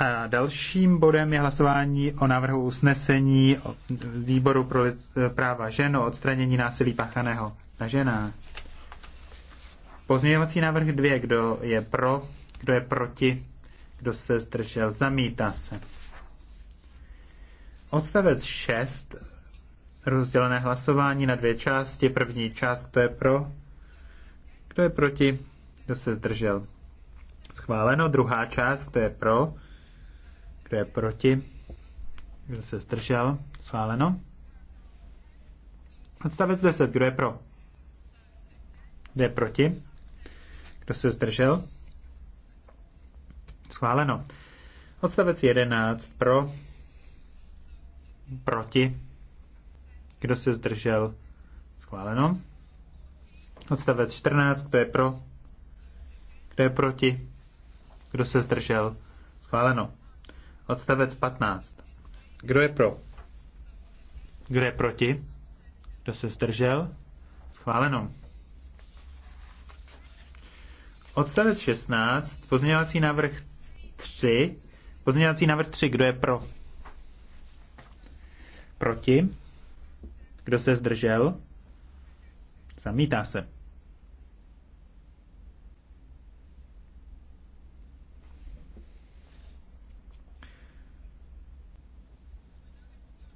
A dalším bodem je hlasování o návrhu usnesení výboru pro práva žen o odstranění násilí páchaného na ženách. Pozměňovací návrh dvě, Kdo je pro, kdo je proti, kdo se zdržel, zamítá se. Odstavec 6. Rozdělené hlasování na dvě části. První část, kdo je pro, kdo je proti, kdo se zdržel. Schváleno. Druhá část, kdo je pro, kdo je proti? Kdo se zdržel? Schváleno. Odstavec 10. Kdo je pro? Kdo je proti? Kdo se zdržel? Schváleno. Odstavec 11. Pro? Proti? Kdo se zdržel? Schváleno. Odstavec 14. Kdo je pro? Kdo je proti? Kdo se zdržel? Schváleno. Odstavec 15. Kdo je pro? Kdo je proti? Kdo se zdržel? Schváleno. Odstavec 16, pozměňovací návrh 3. Pozměňovací návrh 3, kdo je pro? Proti? Kdo se zdržel? Zamítá se.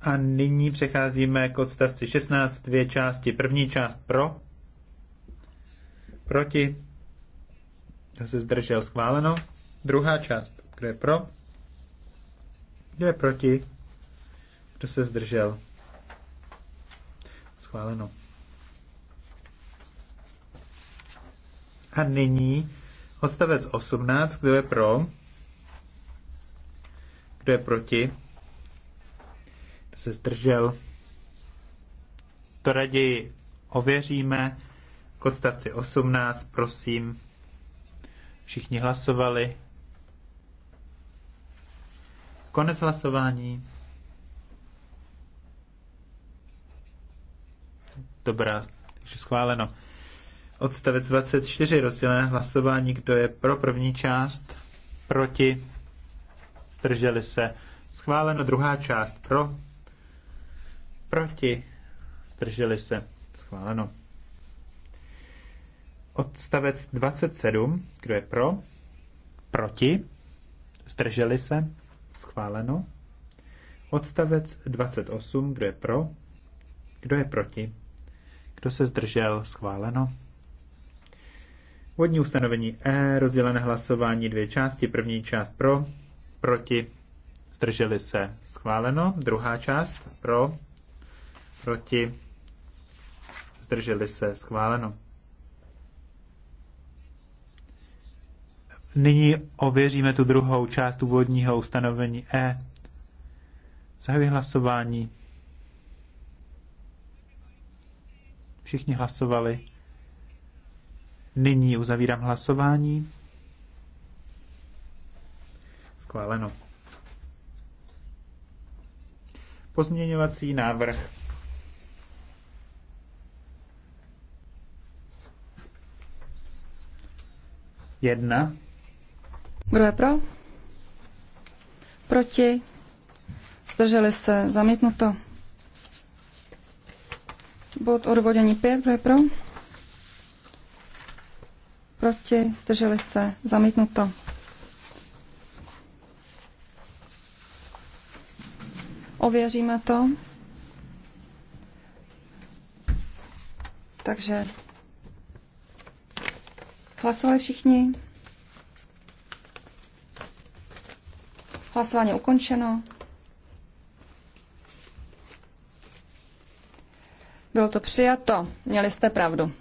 A nyní přecházíme k odstavci 16, dvě části. První část pro, proti, to se zdržel schváleno. Druhá část, kdo je pro, kdo je proti, kdo se zdržel schváleno. A nyní odstavec 18, kdo je pro, kdo je proti, se zdržel. To raději ověříme. K odstavci 18, prosím. Všichni hlasovali. Konec hlasování. Dobrá, takže schváleno. Odstavec 24, rozdělené hlasování, kdo je pro první část, proti, zdrželi se. Schváleno druhá část pro, proti, zdrželi se, schváleno. Odstavec 27, kdo je pro, proti, zdrželi se, schváleno. Odstavec 28, kdo je pro, kdo je proti, kdo se zdržel, schváleno. Vodní ustanovení E, rozdělené hlasování dvě části, první část pro, proti, zdrželi se, schváleno, druhá část pro, proti, zdrželi se, schváleno. Nyní ověříme tu druhou část úvodního ustanovení E. Zahajuji hlasování. Všichni hlasovali. Nyní uzavírám hlasování. Schváleno. Pozměňovací návrh Jedna. Kdo je pro? Proti? Zdrželi se? Zamítnuto. Bod odvodění 5. Kdo je pro? Proti? Zdrželi se? Zamítnuto. Ověříme to. Takže Hlasovali všichni? Hlasování ukončeno. Bylo to přijato. Měli jste pravdu.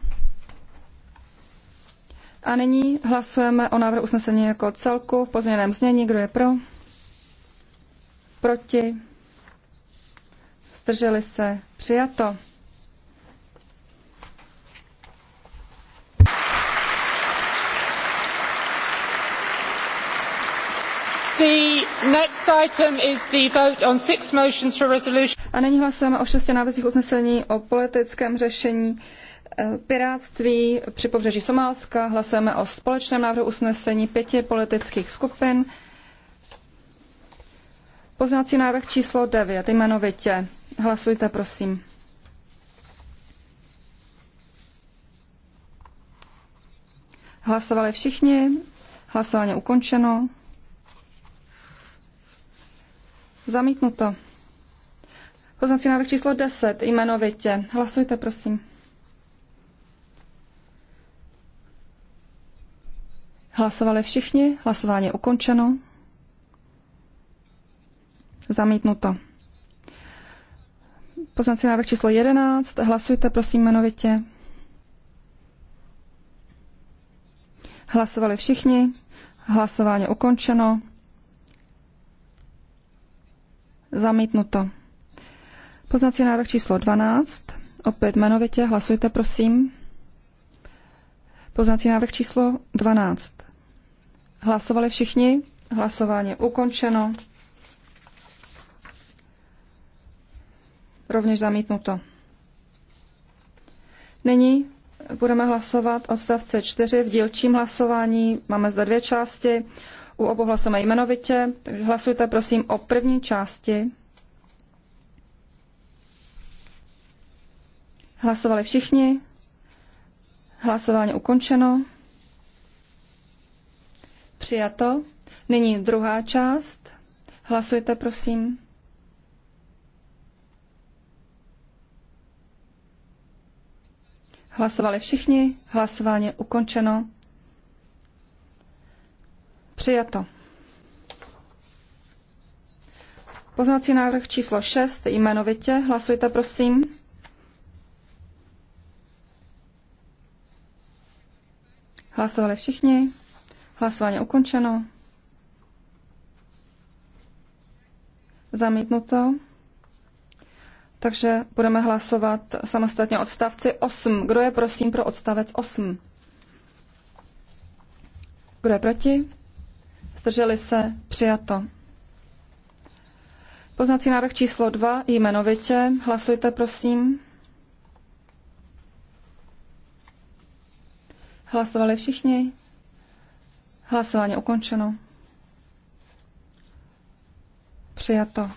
A nyní hlasujeme o návrhu usnesení jako celku v pozměněném znění. Kdo je pro? Proti? Zdrželi se? Přijato. A nyní hlasujeme o šesti návrzích usnesení o politickém řešení eh, pirátství při pobřeží Somálska. Hlasujeme o společném návrhu usnesení pěti politických skupin. Poznací návrh číslo 9, jmenovitě. Hlasujte, prosím. Hlasovali všichni. Hlasování ukončeno. Zamítnuto. Poznací návrh číslo 10, jmenovitě. Hlasujte, prosím. Hlasovali všichni, hlasování je ukončeno. Zamítnuto. Poznací návrh číslo 11, hlasujte, prosím, jmenovitě. Hlasovali všichni, hlasování ukončeno. Zamítnuto. Poznací návrh číslo 12. Opět jmenovitě. Hlasujte, prosím. Poznací návrh číslo 12. Hlasovali všichni? Hlasování je ukončeno. Rovněž zamítnuto. Nyní budeme hlasovat odstavce 4 v dílčím hlasování. Máme zde dvě části. U obou hlasujeme jmenovitě, takže hlasujte prosím o první části. Hlasovali všichni. Hlasování ukončeno. Přijato. Nyní druhá část. Hlasujte, prosím. Hlasovali všichni. Hlasování ukončeno. Přijato. Poznací návrh číslo 6 jmenovitě. Hlasujte, prosím. Hlasovali všichni. Hlasování ukončeno. Zamítnuto. Takže budeme hlasovat samostatně odstavci 8. Kdo je prosím pro odstavec 8? Kdo je proti? zdrželi se, přijato. Poznací návrh číslo 2, jmenovitě, hlasujte prosím. Hlasovali všichni? Hlasování ukončeno. Přijato.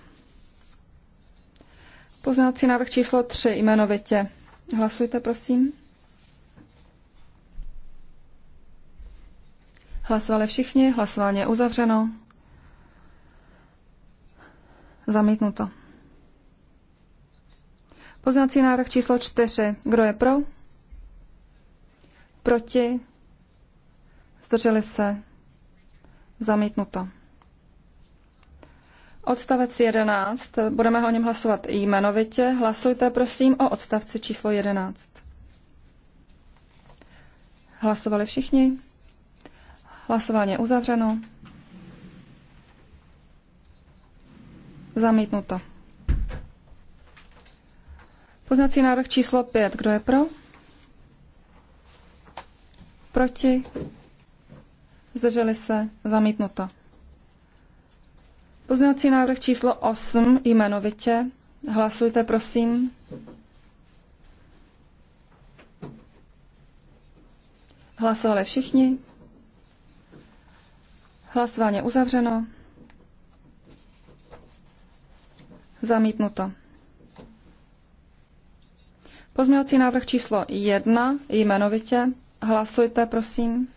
Poznací návrh číslo 3, jmenovitě. Hlasujte, prosím. Hlasovali všichni, hlasování je uzavřeno. Zamítnuto. Poznací návrh číslo čtyři. Kdo je pro? Proti? Zdrželi se? Zamítnuto. Odstavec 11. Budeme o něm hlasovat jmenovitě. Hlasujte prosím o odstavci číslo 11. Hlasovali všichni? Hlasování je uzavřeno. Zamítnuto. Poznací návrh číslo 5. Kdo je pro? Proti? Zdrželi se? Zamítnuto. Poznací návrh číslo 8 jmenovitě. Hlasujte, prosím. Hlasovali všichni. Hlasování uzavřeno. Zamítnuto. Pozměňovací návrh číslo 1 jmenovitě. Hlasujte, prosím.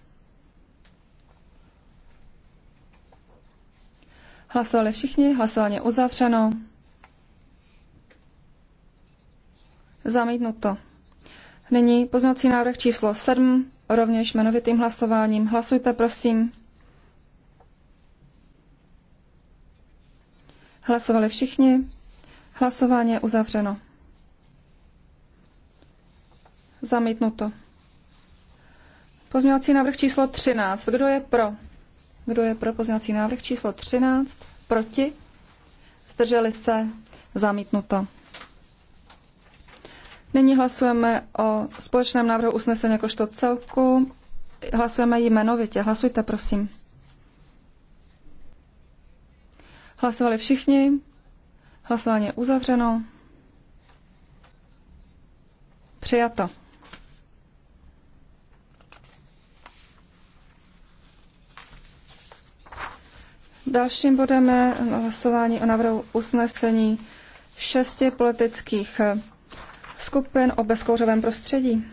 Hlasovali všichni, hlasování uzavřeno. Zamítnuto. Nyní poznací návrh číslo 7, rovněž jmenovitým hlasováním. Hlasujte, prosím. Hlasovali všichni. Hlasování je uzavřeno. Zamítnuto. Pozměňovací návrh číslo 13. Kdo je pro? Kdo je pro pozměňovací návrh číslo 13? Proti? Zdrželi se? Zamítnuto. Nyní hlasujeme o společném návrhu usnesení jakožto celku. Hlasujeme jmenovitě. Hlasujte, prosím. Hlasovali všichni. Hlasování je uzavřeno. Přijato. Dalším bodem je hlasování o návrhu usnesení šesti politických skupin o bezkouřovém prostředí.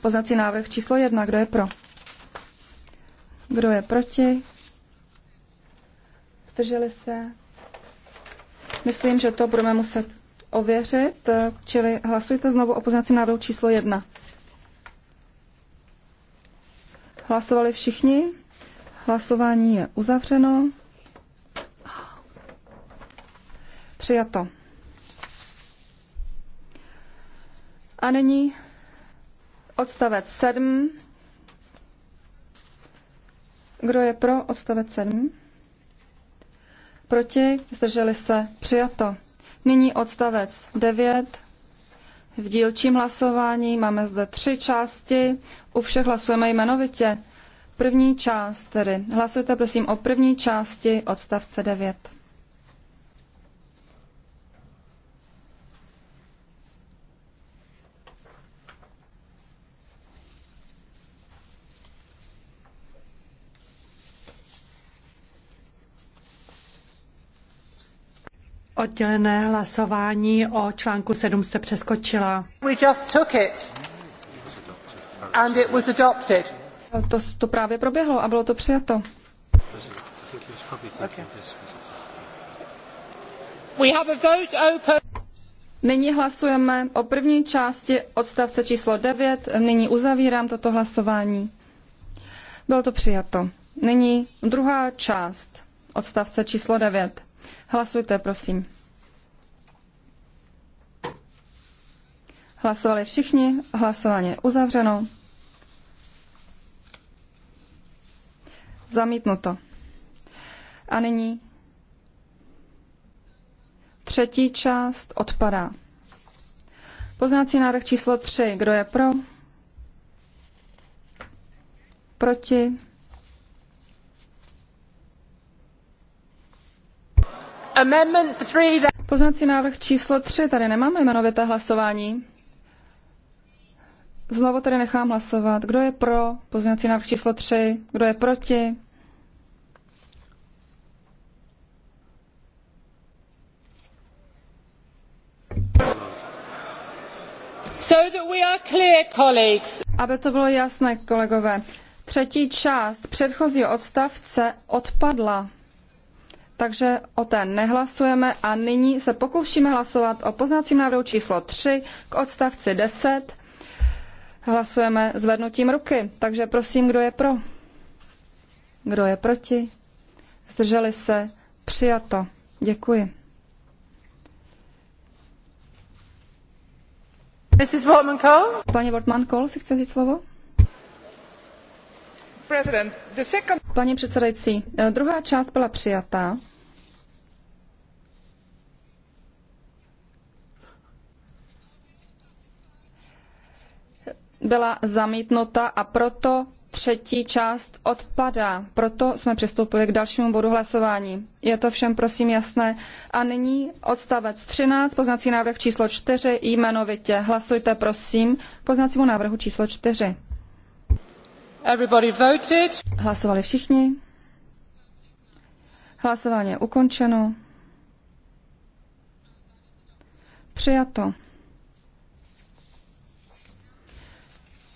Poznací návrh číslo jedna. Kdo je pro? Kdo je proti? Zdrželi se? Myslím, že to budeme muset ověřit, čili hlasujte znovu o poznacím návrhu číslo 1. Hlasovali všichni? Hlasování je uzavřeno. Přijato. A nyní odstavec 7. Kdo je pro odstavec 7? Proti? Zdrželi se? Přijato. Nyní odstavec 9. V dílčím hlasování máme zde tři části. U všech hlasujeme jmenovitě. První část tedy. Hlasujte prosím o první části odstavce 9. Oddělené hlasování o článku 7 jste přeskočila. We just took it. And it was adopted. To, to právě proběhlo a bylo to přijato. Okay. We have a vote open. Nyní hlasujeme o první části odstavce číslo 9. Nyní uzavírám toto hlasování. Bylo to přijato. Nyní druhá část odstavce číslo 9. Hlasujte, prosím. Hlasovali všichni, hlasování je uzavřeno. Zamítnuto. A nyní třetí část odpadá. Poznací návrh číslo 3. Kdo je pro? Proti? Poznací návrh číslo 3, tady nemáme jmenovité hlasování. Znovu tady nechám hlasovat. Kdo je pro poznací návrh číslo 3? Kdo je proti? So that we are clear, colleagues. Aby to bylo jasné, kolegové. Třetí část předchozího odstavce odpadla takže o té nehlasujeme a nyní se pokoušíme hlasovat o poznacím návrhu číslo 3 k odstavci 10. Hlasujeme zvednutím ruky, takže prosím, kdo je pro? Kdo je proti? Zdrželi se? Přijato. Děkuji. Mrs. Wortmann Paní Wortmann Kohl si chce říct slovo? President, the second... Paní předsedající, eh, druhá část byla přijatá. Byla zamítnuta a proto třetí část odpadá. Proto jsme přistoupili k dalšímu bodu hlasování. Je to všem prosím jasné. A nyní odstavec 13, poznací návrh číslo 4, jmenovitě. Hlasujte prosím poznacímu návrhu číslo 4. Hlasovali všichni. Hlasování je ukončeno. Přijato.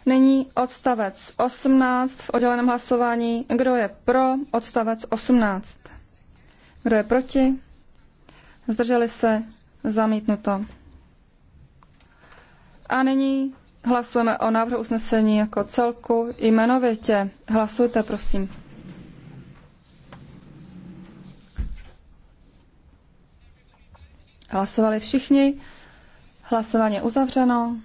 Nyní odstavec 18 v odděleném hlasování. Kdo je pro odstavec 18? Kdo je proti? Zdrželi se? Zamítnuto. A nyní Hlasujeme o návrhu usnesení jako celku jmenovitě. Hlasujte, prosím. Hlasovali všichni. Hlasování uzavřeno.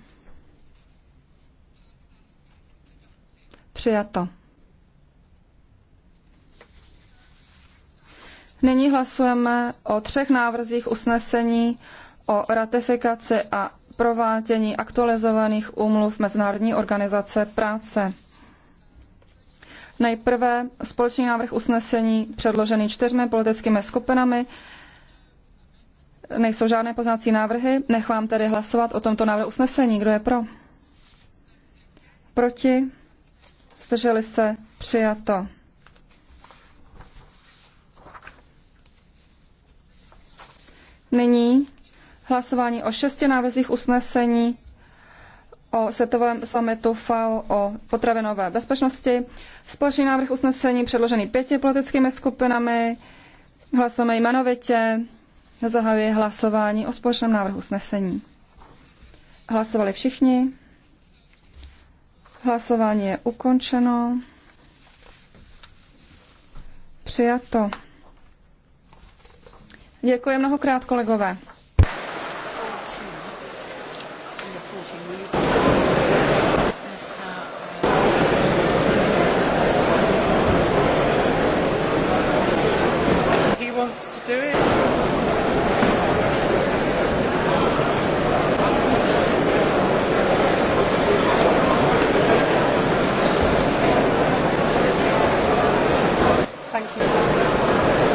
Přijato. Nyní hlasujeme o třech návrzích usnesení o ratifikaci a provádění aktualizovaných úmluv Mezinárodní organizace práce. Nejprve společný návrh usnesení předložený čtyřmi politickými skupinami. Nejsou žádné poznací návrhy. Nechám tedy hlasovat o tomto návrhu usnesení. Kdo je pro? Proti? Zdrželi se? Přijato. Nyní hlasování o šesti návrzích usnesení o světovém summitu FAO o potravinové bezpečnosti. Společný návrh usnesení předložený pěti politickými skupinami. Hlasujeme jmenovitě. Zahajuji hlasování o společném návrhu usnesení. Hlasovali všichni. Hlasování je ukončeno. Přijato. Děkuji mnohokrát, kolegové. příjmení He wants to do it. Thank you.